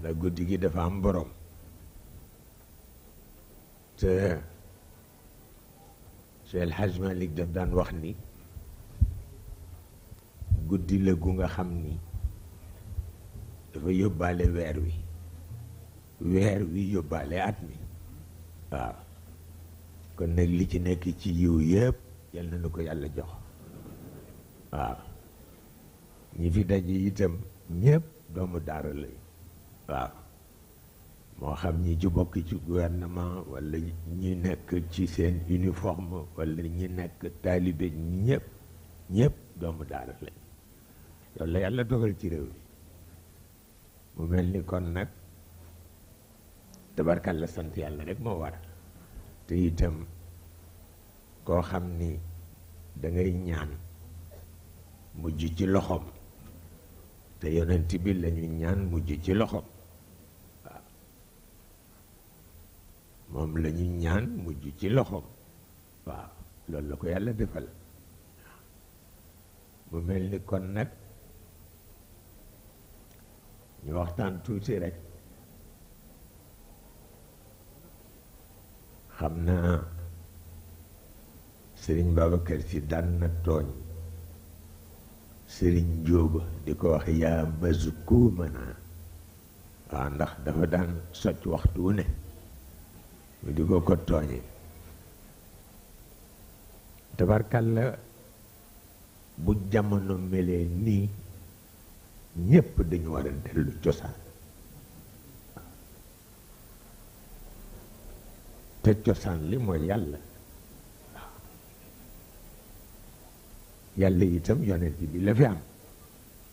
ndax guddi gi dafa am borom te Cheikh El Hadj daf daan wax ni guddi la gu nga xam ni dafa yóbbaale weer wi weer wi yóbbaale at mi waaw kon nag li ci nekk ci yiw yëpp yal na nu ko yàlla jox waaw ñi fi daje itam ñëpp doomu daara lay waaw moo xam ñi ci bokk ci gouvernement wala ñi nekk ci seen uniforme wala ñi nekk taalibe ñëpp ñëpp doomu daara lañ loolu la yàlla dogal ci réew mi mu mel ni kon nag tabarkalla sant yàlla rek moo war te itam koo xam ni da ngay ñaan mujj ci loxoom te yonent bi lañu ñaan mujj ci loxoom moom la ñaan mujj ci loxoom waaw loolu la ko yàlla defal mu mel ni kon nag ñu waxtaan tuuti rek xam naa sëriñ Babacar si daan na tooñ sëriñ Jóoba di ko wax yaa mbësu kuu mënaa waaw ndax dafa daan socc waxtu wu ne mu di ko ko tooñe tabarkàlla bu jamono melee nii ñépp dañu war a dellu cosaan te cosaan li mooy yàlla yàlla itam yonent bi la fi am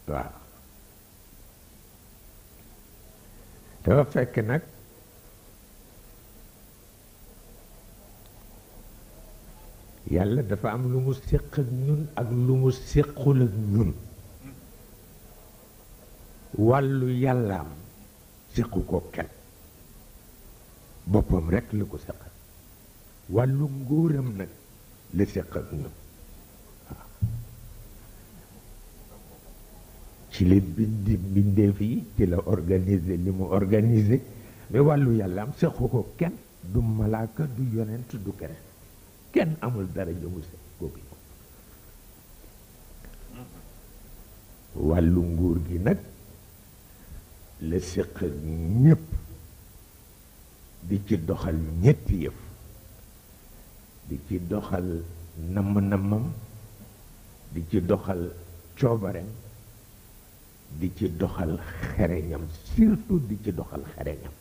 waaw dafa fekk nag yàlla dafa am lu mu séq ak ñun ak lu mu séqul ak ñun wàllu yàllaam séqu ko kenn boppam rekk la ko séqal wàllu nguuram nag la séq ak ñun waaw ci la bindi bindeef yi ci la organisé li mu organisé mais wàllu yàllaam séqu ko kenn du malaaka du yonent du keneen kenn amul dara jëmu set kooku wàllu nguur gi nag la séq ñépp di ci doxal ñetti yëf di ci doxal namm-nammam di ci doxal coobareem di ci doxal xereñam surtout di ci doxal xereñam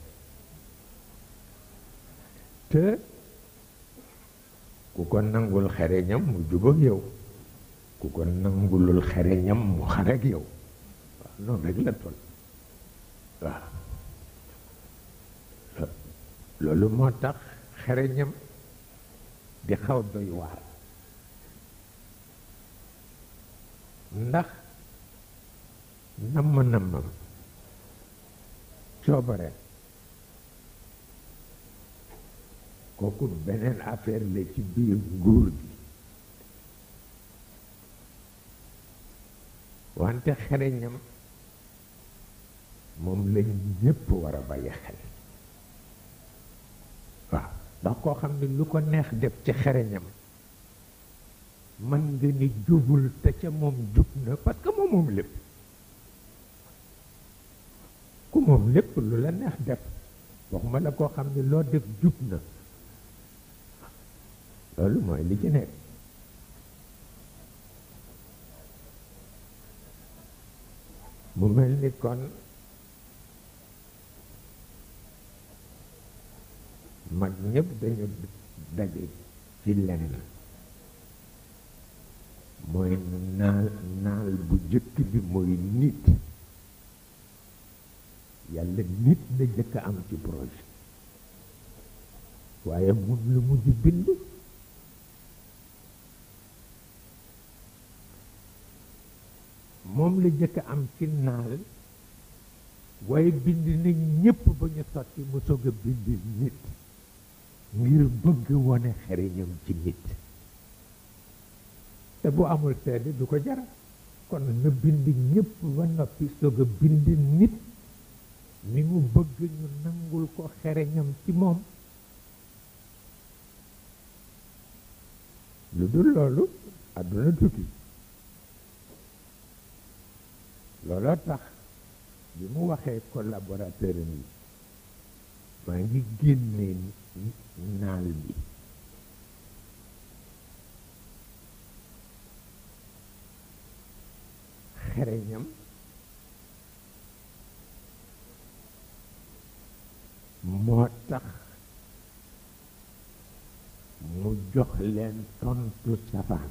ku ko nangul xereñam mu jubóog yow ku ko nangulul xereñam mu xarek yow loolu moo tax xereñam di xaw doy waar ndax namm-nammam coobare kooku beneen affaire la ci biir nguur gi wante xereñam moom lañ ñépp war a bàyyi xel waaw ndax koo xam ne lu ko neex def ci xereñam man nga ni jubul te ca moom jub na parce que moom moom lépp ku moom lépp lu la neex def waxuma la koo xam ne loo def jub na loolu mooy li ci nekk mu mel ni kon mag ñëpp dañu daje ci lenn mooy naal naal bu jëkk bi mooy nit yàlla nit la jëkk am ci projet waaye mun lu mujj bind moom la jëkk am ci naal waaye bind na ñépp ba ñu sotti mu soog a bind nit ngir bëgg wone xereñam ci nit te bu amul seede du ko jara kon na bind ñépp ba noppi soog a bind nit mi mu bëgg ñu nangul ko xereñam ci moom lu dul loolu àdduna tukki looloo tax bi mu waxee collaborateur yi maa ngi génnee naal bi xereñam moo tax mu jox leen tontu safaan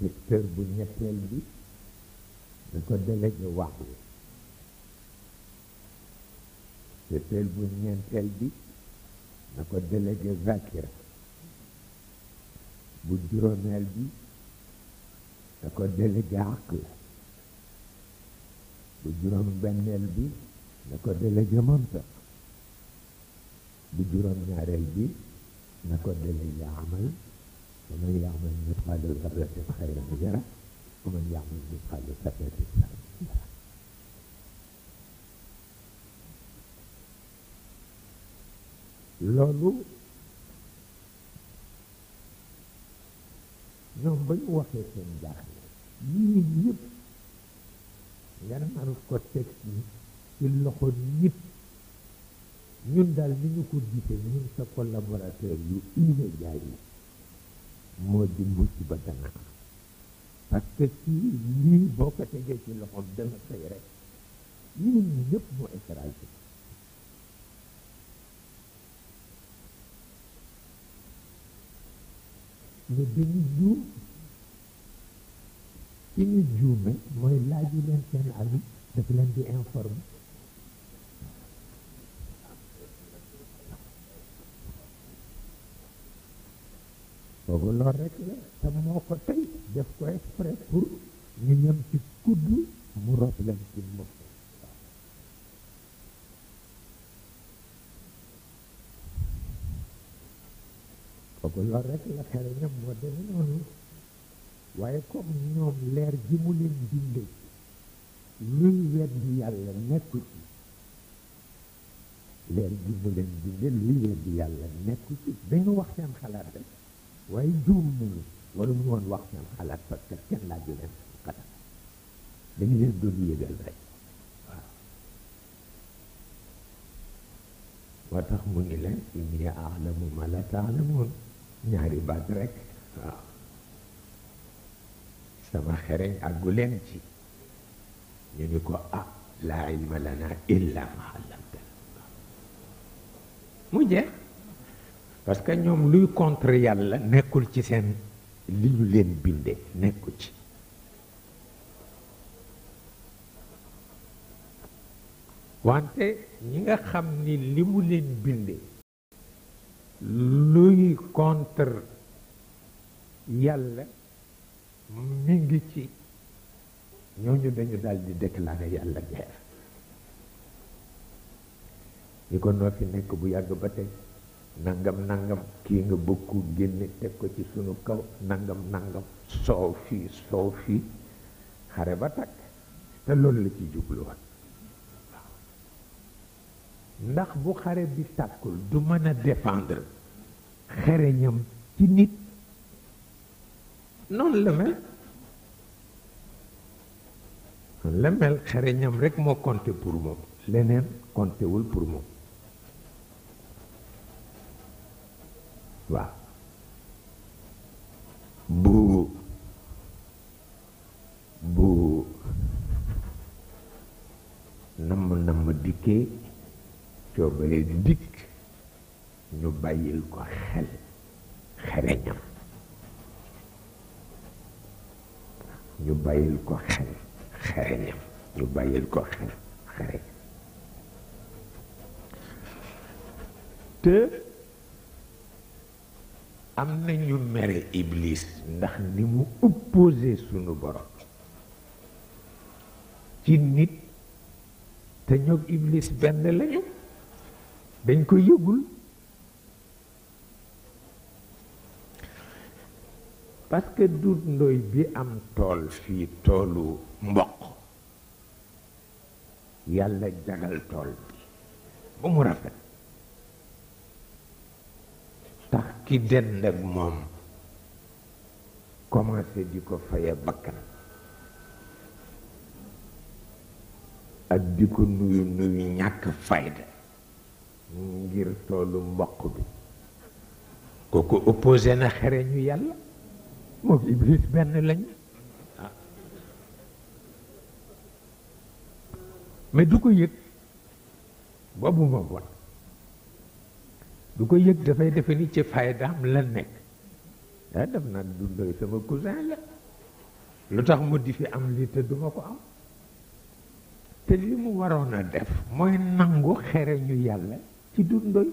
secteur bu ñetteel bi da ko délégué wax wi secteur bu ñeenteel bi da ko délégué zakira bu juróomeel bi da ko délégué aql bu juróom benneel bi da ko délégué mantiq bu juróom ñaareel bi da ko délégué amal ومن يعمل مثقال ذرة خيرا يره ومن يعمل مثقال ذرة شرا يره loolu ñoom ba ñu waxee seen jaaxle lii yëpp nga naan ko teg ci ci loxo nit ñun daal ni ñu ko gisee ñun sa collaborateur yu immédiat yi moo di musiba dana am parce que si lii boo ko tegee ci loxo dana fay rek ñun ñëpp mu écrasé ñu dañu juum ci ñu juume mooy laaju leen seen avis daf leen di informer kooku lool rek la te ko tey def ci kudd mu rob leen ci moom kooku lool rek la xere ñam moo demee noonu waaye comme ñoom leer ji mu leen binde luy weddi yàlla nekku ci leer ji leen binde luy weddi yàlla nekku ci dañu wax seen xalaat rek waaye juum nañu waruñu woon wax seen xalaat parce que kenn laaju leen seen xalaat dañu leen doon yëgal rek waaw moo tax mu ni leen inni aalamu ma la taalamoon ñaari baat rek waaw sama xereñ àggu leen ci ñu ni ko ah laa ilma lana illa ma allamtana mu jeex parce que ñoom luy contre yàlla nekkul ci seen li leen binde nekku ci wante ñi nga xam ni limu mu leen binde luy contre yàlla mi ngi ci ñooñu dañu daal di déclarer yàlla guerre ñi ko noo fi nekk bu yàgg ba tey nangam nangam kii nga bëgg ko génne teg ko ci sunu kaw nangam nangam soow fii soow fii xare ba takk te loolu la ci jublu ndax bu xare bi tàkkul du mën a défendre xereñam ci nit noonu la mel noonu la mel xereñam rek moo compté pour moom leneen compté pour moom वाह बू भू नम नम दिखे जो चौबे दिख no bile को खेल खल खरेजम नुबाइल को खल खरेजम नुबाइल को खल खरेजम तो am na ñu mere iblis ndax ni mu opposé sunu borom ci nit te ñoog iblis benn lañu dañ ko yëgul parce que duut ndoy bi am tool fii toolu mboq yàlla jagal tool bi ba mu rafet ki dend ak mom commencé diko fayé bakkan nuyu nuyu fayda ngir bi opposé na xéré ñu yalla mo iblis ah. mais du coup, du ko yëg dafay defe ni ci faydaam la nekk daa def naa dundoy sama cousin la lu tax mu di fi am lii te duma ko am te li mu waroon a def mooy nangu xere ñu yàlla ci dundoy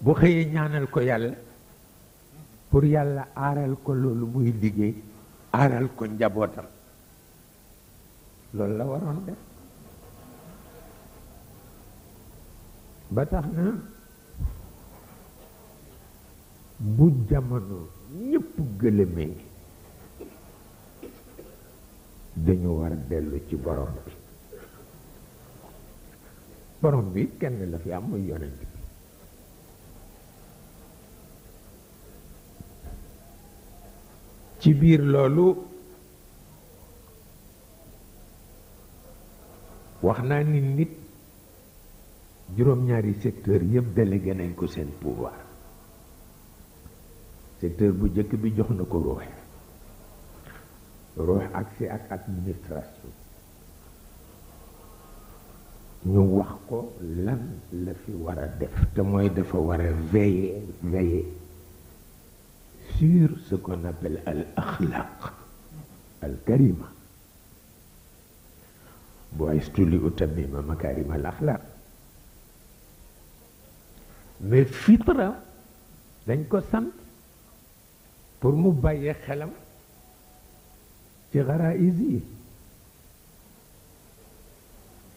bu xëyee ñaanal ko yàlla pour yàlla aaral ko loolu muy liggéey aaral ko njabootam loolu la waroon def ba tax na bu jamono ñépp gëlëmee dañu war dellu ci borom bi borom bi kenn la fi am muy yonent ci biir loolu wax naa ni nit juróom-ñaari secteur yëpp délégué nañ ko seen pouvoir secteur bu njëkk bi jox na ko ruux ak accès ak administration ñu wax ko lan la fi war a def te mooy dafa war a veiller veiller sur ce qu'on appelle al akhlaq al karima ma لأتمم al akhlaq mais fitra dañ ko sant pour mu bàyyee xelam ci xaraïs yi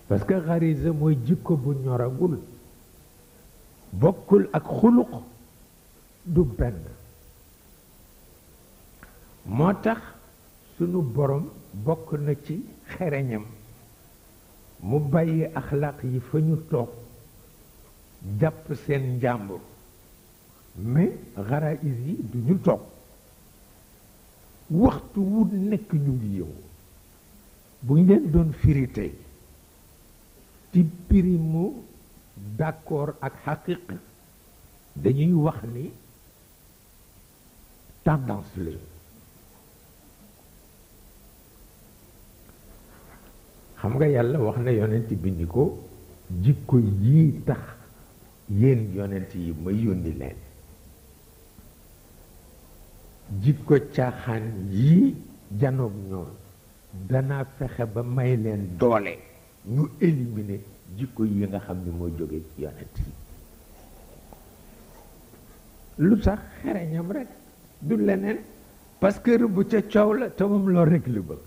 parce que xarisa mooy jikko bu ñoragul bokkul ak xuluq du benn moo tax sunu borom bokk na ci xereñam mu bàyyi axlaq yi fa ñu toog jàpp seen njàmbur mais xaraïs yi du ñu toog waxtu wu nekk ñu ngi yow bu ñu leen doon firi tey ci pirimu d'accord ak xaqiq dañuy wax ni tendance la xam nga yàlla wax na yonent bi ni ko jikko yii tax yéen yonent yi may yónni leen jikko caaxaan yi janoog ñoom danaa fexe ba may leen doole ñu éliminer jikko yi nga xam ni moo jóge ci yonent yi lu tax xereñam rek du leneen parce que rëbb ca coow la te lool rek la bëgg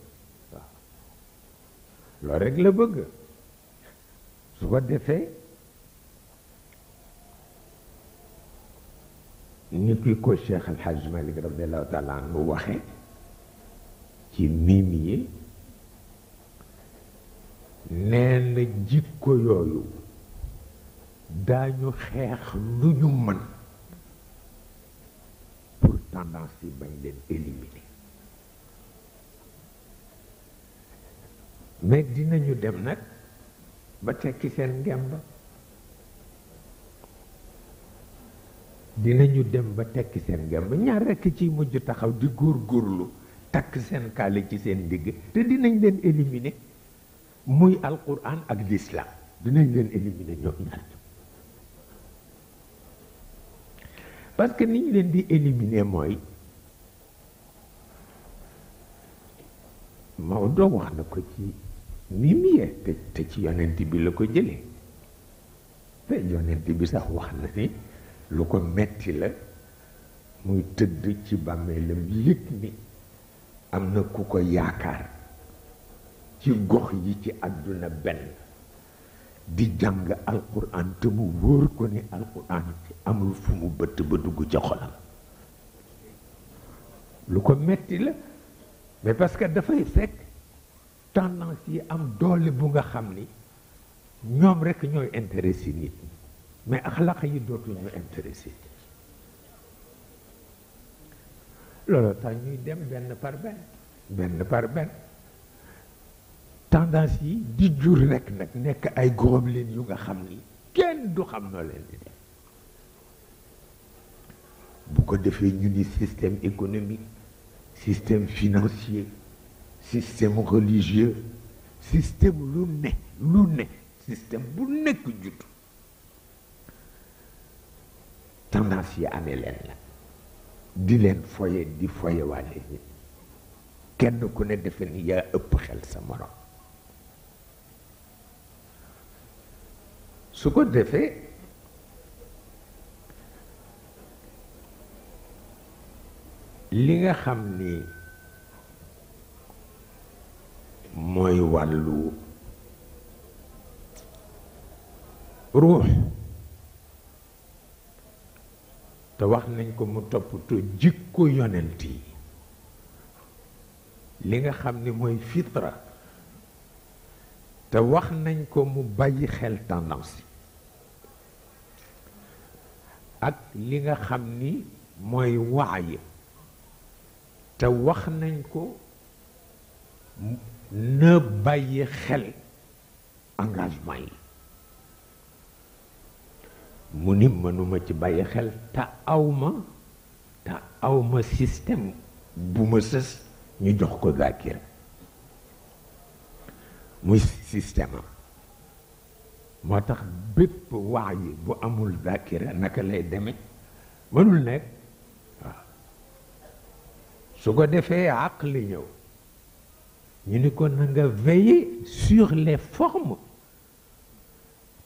waaw rek la bëgg su ko defee ni ki ko Cheikh Al Hadj Malick radiallahu waxe ci miim yi nee na jikko yooyu daañu xeex lu ñu mën pour tendance yi bañ leen éliminer dinañu dem nag ba tekki seen ngemb dinañu dem ba tekk seen gemb ñaar rek ci mujj taxaw di góorgóorlu takk seen kaale ci seen digg te dinañ leen éliminer muy alquran ak l'islam dinañ leen éliminer ñoom ñaar parce que niñ leen di éliminer mooy Maodo wax na ko ci nimiye te te ci yonent bi la ko jëlee te yonent bi sax wax na ni lu ko metti la muy teud ci bàmmeelam yëg ni amna kuko ku ci gox yi ci aduna ben di jang alquran te mu ko ni ci fu mu ba mais parce que fay fekk tendance yi am bu nga mais akhlaq yi ñu intéressé loolu nous ñuy dem par tendance di jur rek nak nek ay yu nga kenn du système économique système financier système religieux système lu ne système bu nekk jutu tendance yi amé len la di len foye di foye walé ñi kenn ku ne def ni ya ëpp xel sa morom su ko defé li nga xam ni mooy wàllu te wax nañ ko mu toppatoo jikko yonent yi li nga xam ni mooy fitra te wax nañ ko mu bàyyi xel tendance yi ak li nga xam ni mooy waay te wax nañ ko na bàyyi xel engagement yi mu ni mënuma ci bàyyi xel te awma te awma système bu ma sës ñu jox ko Zakir muy système am moo tax bépp wax yi bu amul zakira naka lay deme mënul nekk waaw su ko defee àq li ñëw ñu ni ko na nga veiller sur les formes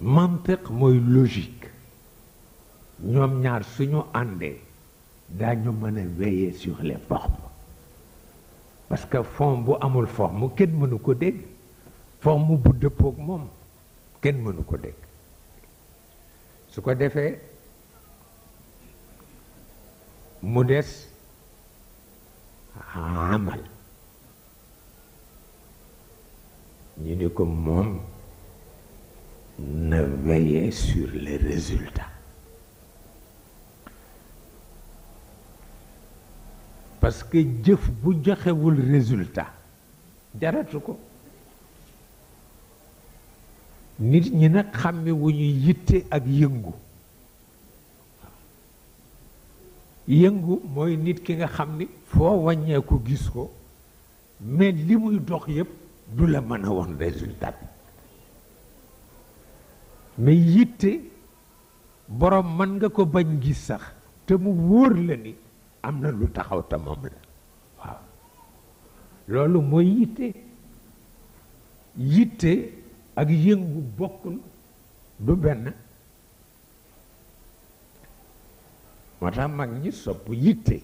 mantiq moy logique ñom ñaar suñu andé daañu mën a veiller sur les formes parce que fond bu amul forme kenn mënu ko dégg forme bu dëppoog mom kenn mënu ko dégg su ko défé mu des amal ñu ni ko moom ne veillait sur les résultats. parce que jëf bu joxewul résultat jaratu ko nit ñi nag xàmme wu ñu yitte ak yëngu yengu moy nit ki nga xamni fo wagne ko gis ko mais limuy dox yeb du la mën won résultat bi mais yitte borom man nga ko bañ gis sax te mu wóor la ni am na lu taxaw te la waaw loolu mooy yitte yitte ak yëngu bokkul du benn moo tax mag ñi sopp yitte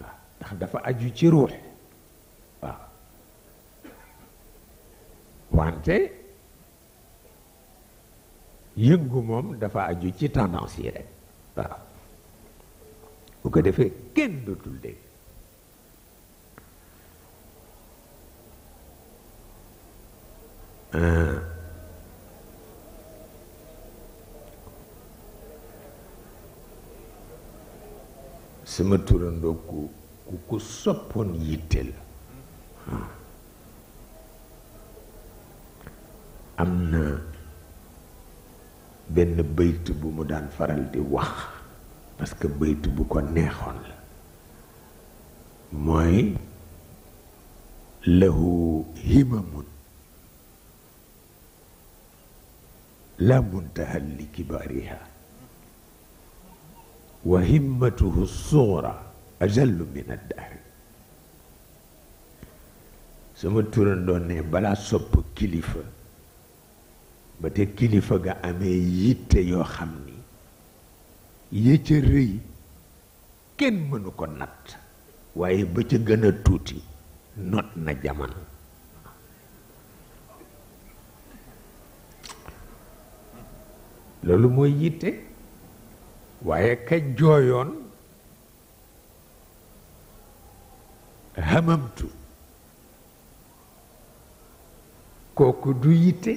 waaw ndax dafa aju ci ruux waaw wante yëngu moom dafa aju ci tendance yi rek waaw bu ko defee kenn dootul dégg ah. sama turandoo ku ku ku soppoon yitte la ah. am na ben bayt bu mu daan faral di wax parce que bayt bu ko neexoon la moy lahu himamun la muntaha li kibariha wa himmatuhu sughra ajal min addahri sama turandone bala sop kilifa ba te kilifa ga amee yitte yoo xam ni yé ca rëy kenn mënu ko natt waaye ba ca gën a tuuti not na jamono loolu mooy yitte waaye ka jooyoon hamamtu kooku du yitte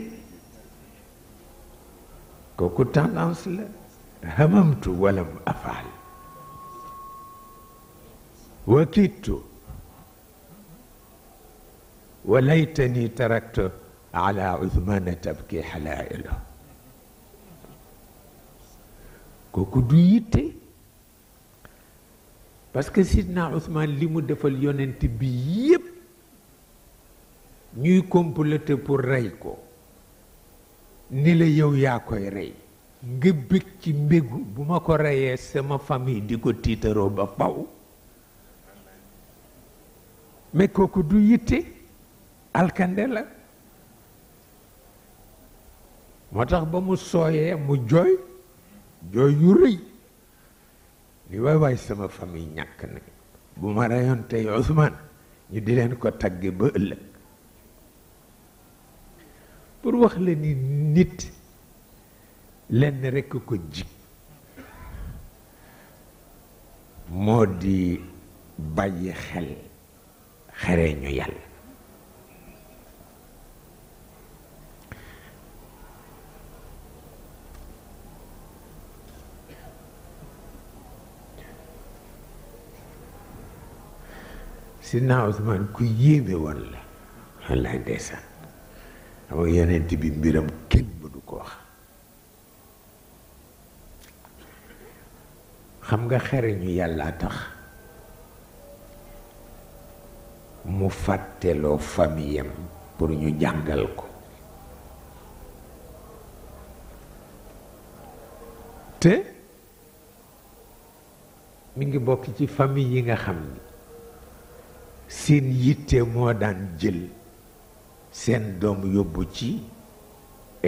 كوكو تانانس لا هممت افعل وكدت وليتني تركت على عثمان تبكي حلائله كوكو دويتي باسكو سيدنا عثمان لي مو ديفال يوننتي بي ييب ني كومبليتي بور رايكو ni la yow yaa koy rey nga bëgg ci mbégu bu ma ko reyee sama famille di ko tiitaroo ba faw mais kooku du yitte alkande la moo tax ba mu sooyee mu jooy jooy yu rëy ni waay waay sama famille ñàkk na bu ma reyoon tey Ousmane ñu di leen ko tagge ba ëllëg pour wax la ni nit lenn rekk ko jig moo di bàyyi xel xereñu yàlla Sidna Usmaan ku yéeme woon la wallaay ndeysaan dama yonent bi mbiram kenn du ko wax xam nga xereñu yàlla tax mu fàtteloo famiyam pour ñu jàngal ko te mu ngi bokk ci famille yi nga xam ni seen yitte moo daan jël seen doom yóbbu ci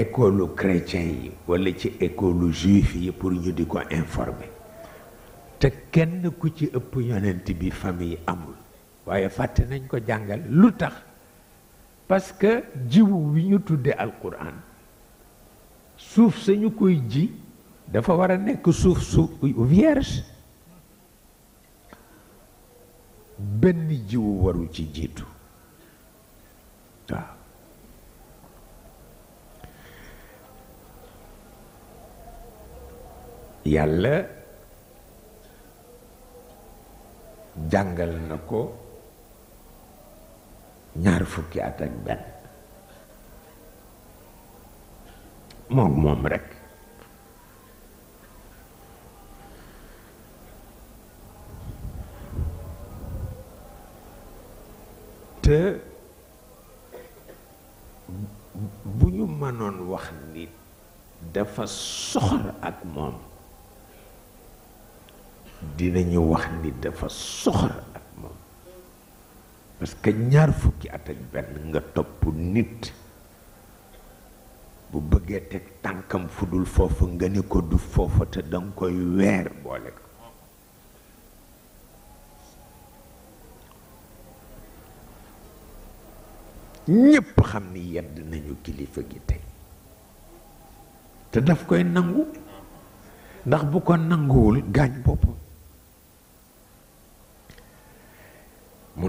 école chrétien yi walla ci école juif yi pour ñu di ko informer te kenn ku ci ëpp yonent bi famille amul waaye fàtte nañ ko jàngal lu tax parce que jiwu wi ñu tudde alquran suuf sañu koy ji dafa war a nekk suuf su vierge benn jiwu waru ci jiitu yàlla jàngal na ko ñaar fukki at ak benn moom moom rekk te bu ñu mënoon wax nit dafa soxor ak moom dinañu wax ni dafa soxor ak moom parce ñaar fukki at ak benn nga topp nit bu bëggee teg tànkam fu dul foofu nga ni ko du foofa te danga koy weer boole ko ñépp xam ni yedd nañu kilifa gi tey te daf koy nangu ndax bu ko nanguwul gaañ boppam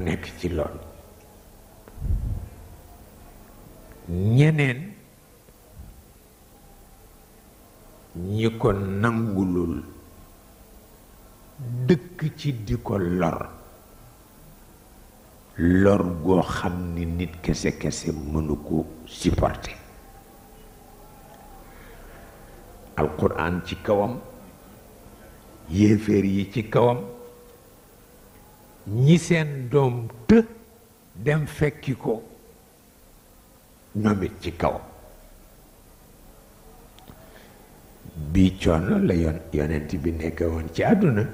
nekk ci loolu ñeneen ñi ko nangulul dëkk ci di ko lor lor goo xam ni nit kese-kese mënu ko supporter alquran ci kawam yéeféer yi ci kawam ñi seen doom të dem fekki ko ñoom ci kaw bi coono la yoon yonent bi nekk woon ci àdduna